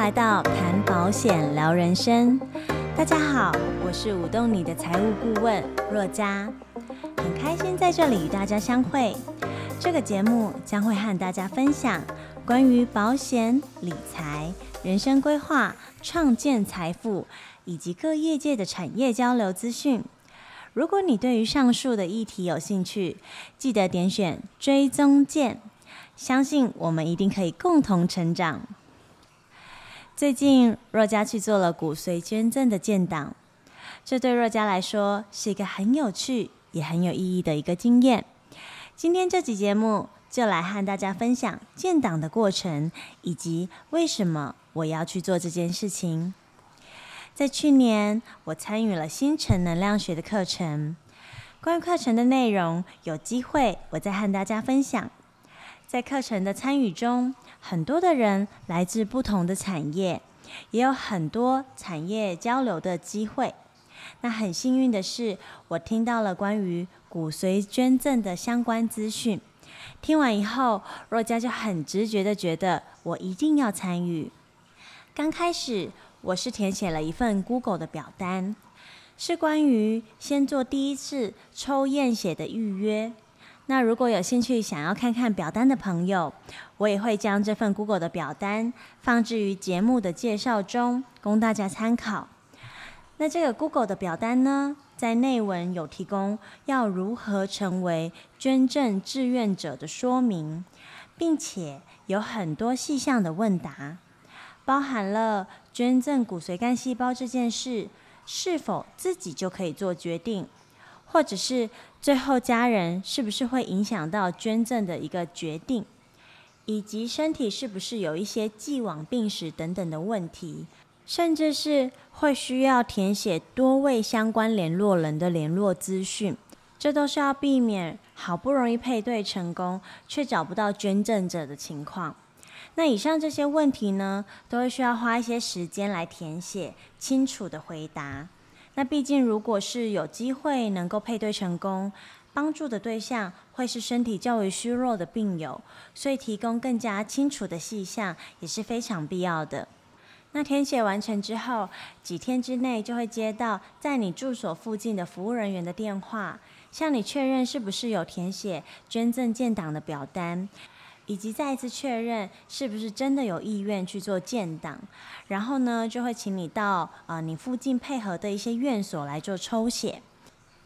來到談保險聊人生，大家好，我是舞動你的財務顧問若家。很開心在這裡與大家相會。這個節目將會和大家分享關於保險、理財、人生規劃、創建財富以及各業界的產業交流資訊。如果你對於上述的議題有興趣，記得點選追蹤鍵，相信我們一定可以共同成長。最近若家去做了骨髓捐贈的建檔，這對若家來說是一個很有趣也很有意義的一個經驗。今天這集節目就來和大家分享建檔的過程，以及為什麼我要去做這件事情。在去年，我參與了新城能量學的課程，關於課程的內容，有機會我再和大家分享。在課程的參與中，很多的人來自不同的產業，也有很多產業交流的機會。那很幸運的是，我聽到了關於骨髓捐贈的相關資訊。聽完以後，若家就很直覺地覺得我一定要參與。剛開始，我是填寫了一份 Google 的表單，是關於先做第一次抽驗血的預約。那如果有興趣想要看看表單的朋友，我也會將這份 Google 的表單放置於節目的介紹中，供大家參考。那這個 Google 的表單呢，在內文有提供要如何成為捐贈志願者的說明，並且有很多細項的問答，包含了捐贈骨髓幹細胞這件事是否自己就可以做決定。或者是最後家人是不是會影響到捐贈的一個決定，以及身體是不是有一些既往病史等等的問題，甚至是會需要填寫多位相關聯絡人的聯絡資訊，這都是要避免好不容易配對成功卻找不到捐贈者的情況。那以上這些問題呢，都會需要花一些時間來填寫，清楚的回答。那畢竟，如果是有機會能夠配對成功，幫助的對象會是身體較為虛弱的病友，所以提供更加清楚的細項也是非常必要的。那填寫完成之後，幾天之內就會接到在你住所附近的服務人員的電話，向你確認是不是有填寫捐贈建檔的表單。以及再一次確認是不是真的有意願去做建檔，然後呢，就會請你到啊你附近配合的一些院所來做抽血。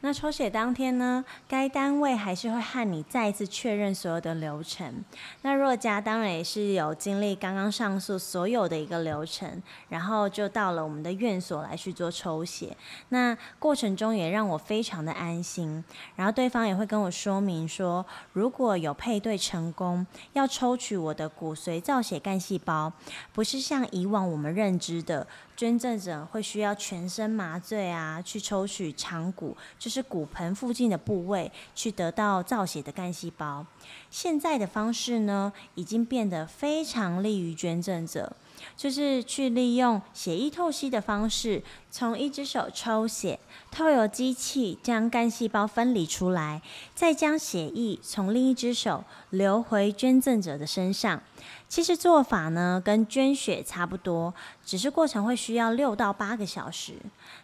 那抽血當天呢，該單位還是會和你再一次確認所有的流程。那若家當然也是有經歷剛剛上述所有的一個流程，然後就到了我們的院所來去做抽血。那過程中也讓我非常的安心，然後對方也會跟我說明說，如果有配對成功，要抽取我的骨髓造血幹細胞，不是像以往我們認知的。捐贈者會需要全身麻醉啊，去抽取腸骨，就是骨盆附近的部位，去得到造血的幹細胞。現在的方式呢，已經變得非常利於捐贈者。就是去利用血液透析的方式，從一隻手抽血，透過機器將幹細胞分離出來，再將血液從另一隻手流回捐贈者的身上。其實做法呢，跟捐血差不多，只是過程會需要六到八個小時。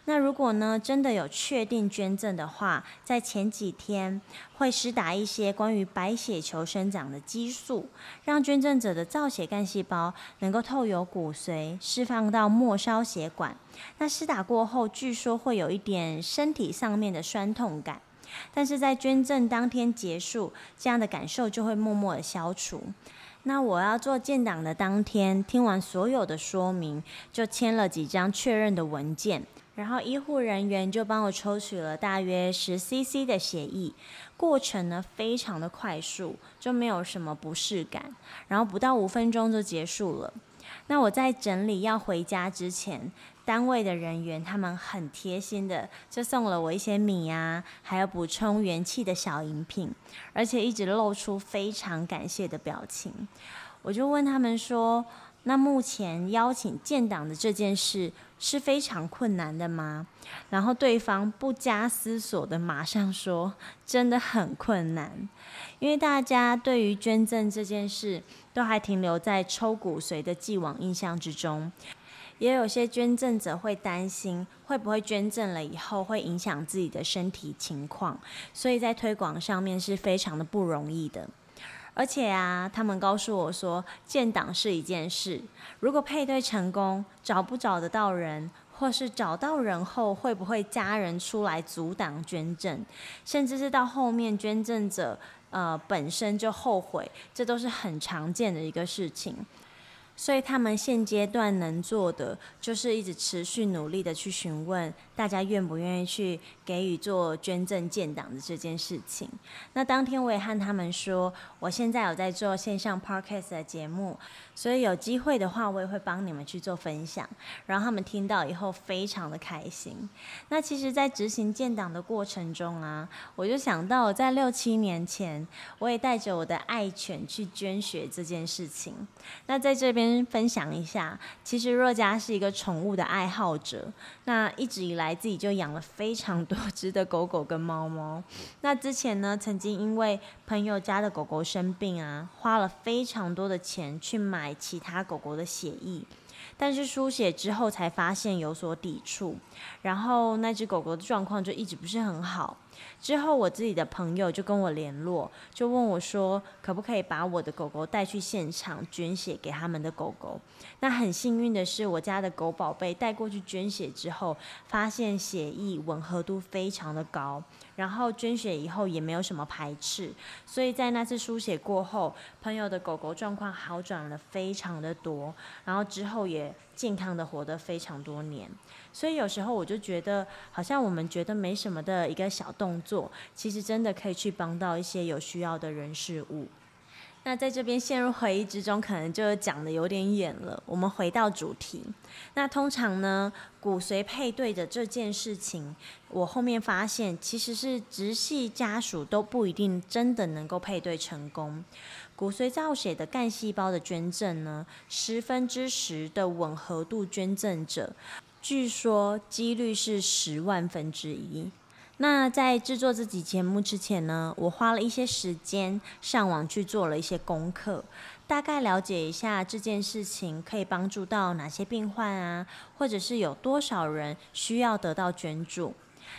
那如果呢，真的有確定捐贈的話，在前幾天。會施打一些關於白血球生長的激素，讓捐贈者的造血幹細胞能夠透由骨髓釋放到末梢血管。那施打過後，據說會有一點身體上面的酸痛感，但是在捐贈當天結束，這樣的感受就會默默的消除。那我要做建檔的當天，聽完所有的說明，就簽了幾張確認的文件。然後醫護人員就幫我抽取了大約十 CC 的血液，過程呢非常的快速，就沒有什麼不適感，然後不到五分鐘就結束了。那我在整理要回家之前，單位的人員他們很貼心的就送了我一些米啊，還有補充元氣的小飲品，而且一直露出非常感謝的表情。我就問他們說，那目前邀請建檔的這件事是非常困難的嗎？然後對方不加思索的馬上說，真的很困難，因為大家對於捐贈這件事都還停留在抽骨髓的既往印象之中，也有些捐贈者會擔心會不會捐贈了以後會影響自己的身體情況，所以在推廣上面是非常的不容易的。而且啊，他們告訴我說，建檔是一件事，如果配對成功，找不找得到人，或是找到人後會不會家人出來阻擋捐贈，甚至是到後面捐贈者，呃，本身就後悔，這都是很常見的一個事情。所以他們現階段能做的，就是一直持續努力的去詢問大家願不願意去給予做捐贈建檔的這件事情。那當天我也和他們說，我現在有在做線上 podcast 的節目，所以有機會的話，我也會幫你們去做分享，然後他們聽到以後非常的開心。那其實，在執行建檔的過程中啊，我就想到我在六七年前，我也帶着我的愛犬去捐血這件事情。那在這邊。先分享一下，其實若家是一個寵物的愛好者，那一直以來自己就養了非常多隻的狗狗跟貓貓。那之前呢，曾經因為朋友家的狗狗生病啊，花了非常多的錢去買其他狗狗的血液，但是輸血之後才發現有所抵觸，然後那隻狗狗的狀況就一直不是很好。之後，我自己的朋友就跟我聯絡，就問我說，可不可以把我的狗狗帶去現場捐血給他們的狗狗？那很幸運的是，我家的狗寶貝帶過去捐血之後，發現血液吻合度非常的高，然後捐血以後也沒有什麼排斥，所以在那次輸血過後，朋友的狗狗狀況好轉了非常的多，然後之後也。健康的活得非常多年，所以有時候我就覺得，好像我們覺得沒什麼的一個小動作，其實真的可以去幫到一些有需要的人事物。那在這邊陷入回憶之中，可能就講得有點遠了。我們回到主題，那通常呢，骨髓配對的這件事情，我後面發現其實是直系家屬都不一定真的能夠配對成功。骨髓造血的幹細胞的捐贈呢，十分之十的吻合度捐贈者，據說幾率是十萬分之一。那在製作這集節目之前呢，我花了一些時間上網去做了一些功課，大概了解一下這件事情可以幫助到哪些病患啊，或者是有多少人需要得到捐助。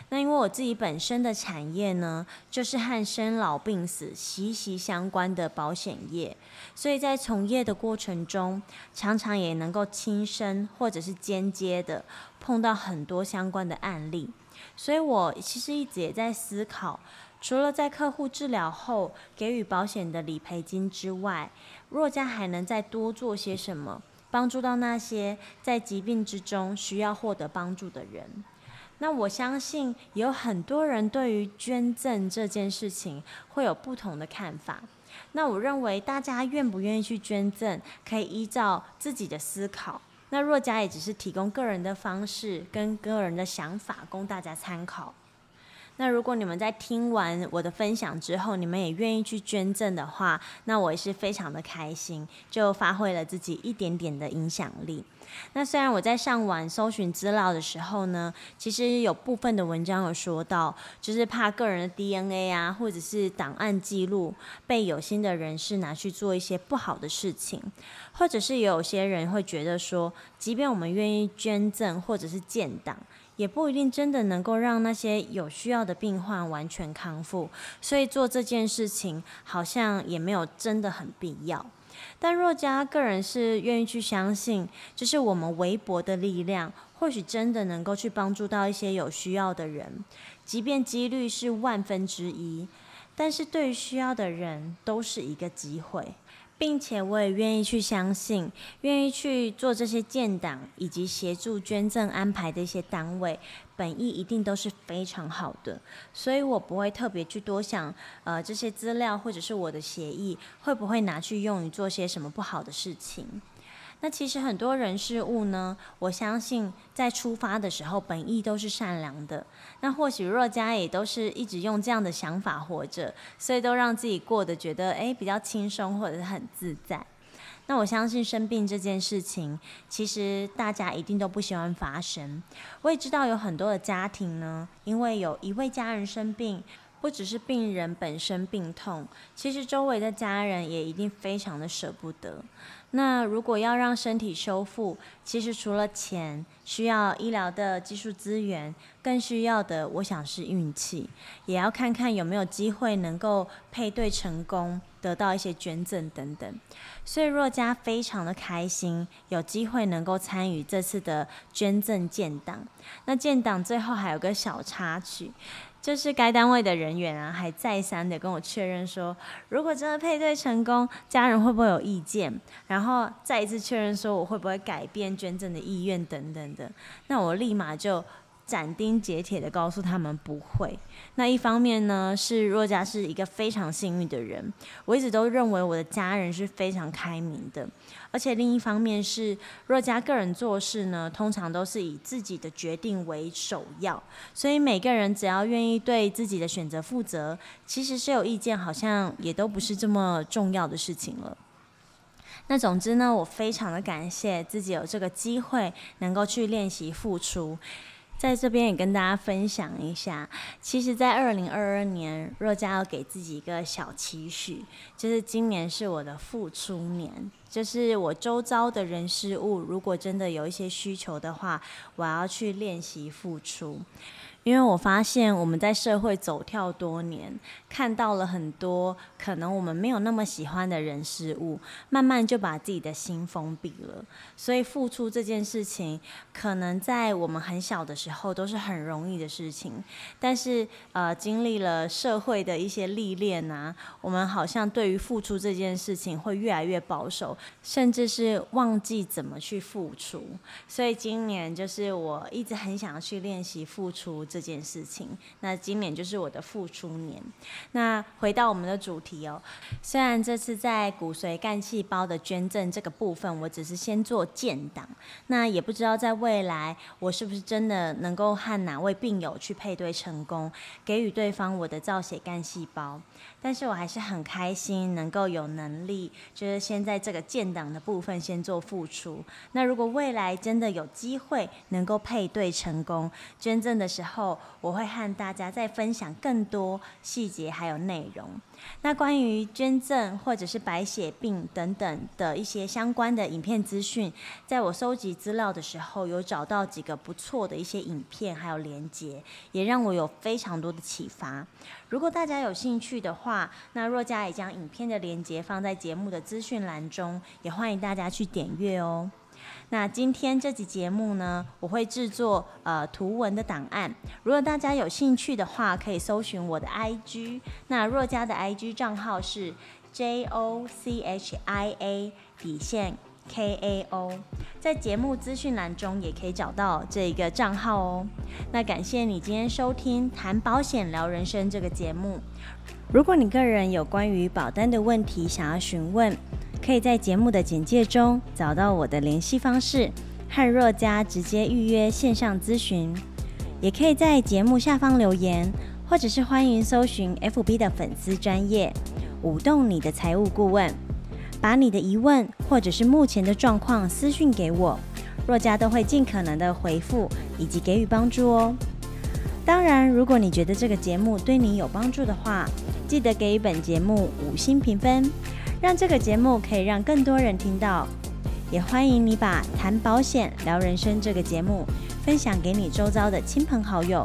那因為我自己本身的產業呢，就是和生老病死息息相關的保險業，所以在從業的過程中，常常也能夠親身或者是間接的碰到很多相關的案例，所以我其實一直也在思考，除了在客戶治療後給予保險的理賠金之外，若家還能再多做些什麼，幫助到那些在疾病之中需要獲得幫助的人。那我相信有很多人對於捐贈這件事情會有不同的看法。那我認為大家願不願意去捐贈，可以依照自己的思考。那若家也只是提供個人的方式跟個人的想法供大家參考。那如果你們在聽完我的分享之後，你們也願意去捐贈的話，那我也是非常的開心，就發揮了自己一點點的影響力。那雖然我在上網搜尋資料的時候呢，其實有部分的文章有說到，就是怕個人的 DNA 啊，或者是檔案記錄被有心的人士拿去做一些不好的事情，或者是有些人會覺得說，即便我們願意捐贈或者是建檔。也不一定真的能夠讓那些有需要的病患完全康復，所以做這件事情好像也沒有真的很必要。但若家個人是願意去相信，就是我們微薄的力量，或許真的能夠去幫助到一些有需要的人，即便幾率是萬分之一，但是對於需要的人都是一個機會。並且我也願意去相信，願意去做這些建檔以及協助捐贈安排的一些單位，本意一定都是非常好的，所以我不會特別去多想，呃，這些資料或者是我的協議會不會拿去用於做些什麼不好的事情。那其實很多人事物呢，我相信在出發的時候本意都是善良的。那或許若家也都是一直用這樣的想法活着，所以都讓自己過得覺得哎比較輕鬆或者很自在。那我相信生病這件事情，其實大家一定都不喜歡發生。我也知道有很多的家庭呢，因為有一位家人生病。不只是病人本身病痛，其實周圍的家人也一定非常的捨不得。那如果要讓身體修復，其實除了錢，需要醫療的技術資源，更需要的，我想是運氣，也要看看有沒有機會能夠配對成功，得到一些捐贈等等。所以若家非常的開心，有機會能夠參與這次的捐贈建檔。那建檔最後還有個小插曲。就是該單位的人員啊，還再三的跟我確認說，如果真的配對成功，家人會不會有意見？然後再一次確認說，我會不會改變捐贈的意願等等的。那我立馬就斬釘截鐵的告訴他們不會。那一方面呢，是若家是一個非常幸運的人，我一直都認為我的家人是非常開明的，而且另一方面是若家個人做事呢，通常都是以自己的決定為首要，所以每個人只要願意對自己的選擇負責，其實是有意見好像也都不是這麼重要的事情了。那總之呢，我非常的感謝自己有這個機會能夠去練習付出。在這邊也跟大家分享一下，其實，在二零二二年，若家要給自己一個小期許，就是今年是我的復出年。就是我周遭的人事物，如果真的有一些需求的話，我要去練習付出，因為我發現我們在社會走跳多年，看到了很多可能我們沒有那麼喜歡的人事物，慢慢就把自己的心封閉了。所以付出這件事情，可能在我們很小的時候都是很容易的事情，但是呃，經歷了社會的一些歷練啊，我們好像對於付出這件事情會越來越保守。甚至是忘記怎麼去付出，所以今年就是我一直很想要去練習付出這件事情。那今年就是我的付出年。那回到我們的主題哦，雖然這次在骨髓幹細胞的捐贈這個部分，我只是先做建檔，那也不知道在未來我是不是真的能夠和哪位病友去配對成功，給予對方我的造血幹細胞，但是我還是很開心能夠有能力，就是現在這個。建檔的部分先做付出，那如果未來真的有機會能夠配對成功，捐贈的時候我會和大家再分享更多細節還有內容。那關於捐贈或者是白血病等等的一些相關的影片資訊，在我收集資料的時候有找到幾個不錯的一些影片還有連接，也讓我有非常多的啟發。如果大家有興趣的話，那若家也將影片的連結放在節目的資訊欄中，也歡迎大家去點閱哦。那今天這集節目呢，我會製作呃圖文的檔案。如果大家有興趣的話，可以搜尋我的 IG。那若家的 IG 賬號是 J O C H I A 底線。K A O，在節目資訊欄中也可以找到這一個賬號哦。那感謝你今天收聽《談保險聊人生》這個節目。如果你個人有關於保單的問題想要詢問，可以在節目的簡介中找到我的聯繫方式，和若家直接預約線上諮詢。也可以在節目下方留言，或者是歡迎搜尋 FB 的粉絲專頁舞動你的財務顧問。把你的疑問或者是目前的狀況私訊給我，若家都會盡可能的回復以及給予幫助哦。當然，如果你覺得這個節目對你有幫助的話，記得給予本節目五星評分，讓這個節目可以讓更多人聽到。也歡迎你把《談保險聊人生》這個節目分享給你周遭的親朋好友，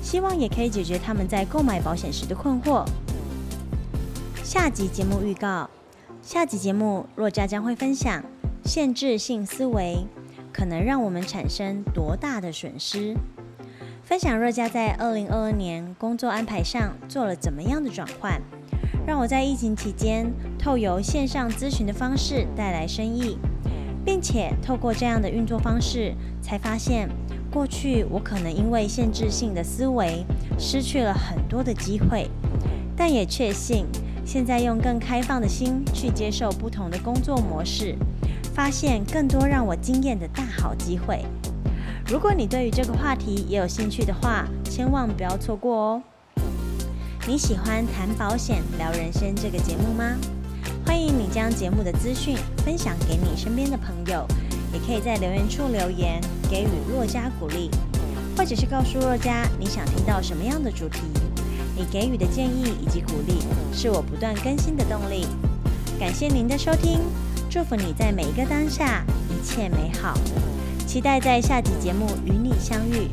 希望也可以解決他們在購買保險時的困惑。下集節目預告。下期節目，若家將會分享限制性思維可能讓我們產生多大的損失。分享若家在二零二二年工作安排上做了怎麼樣的轉換，讓我在疫情期間透過線上諮詢的方式帶來生意，並且透過這樣的運作方式，才發現過去我可能因為限制性的思維失去了很多的機會，但也確信。現在用更開放的心去接受不同的工作模式，發現更多讓我驚艷的大好機會。如果你對於這個話題也有興趣的話，千萬不要錯過哦！你喜歡談保險、聊人生這個節目嗎？歡迎你將節目的資訊分享給你身邊的朋友，也可以在留言處留言給予若家鼓勵，或者是告訴若家你想聽到什麼樣的主題。你給予的建議以及鼓勵，是我不斷更新的動力。感謝您的收聽，祝福你在每一個當下一切美好。期待在下集節目與你相遇。